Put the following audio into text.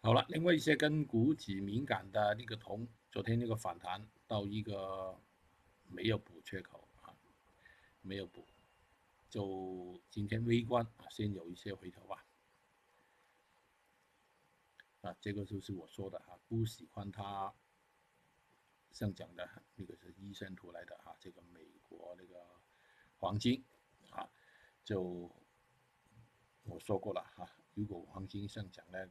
好了，另外一些跟股指敏感的那個銅，昨天那個反彈到一個沒有補缺口啊，沒有補，就今天微觀啊，先有一些回調吧。啊，這個就是我說的哈、啊，不喜歡它上漲的那個是醫生出來的啊，這個美國那個黃金啊，就我說過了哈、啊，如果黃金上漲的。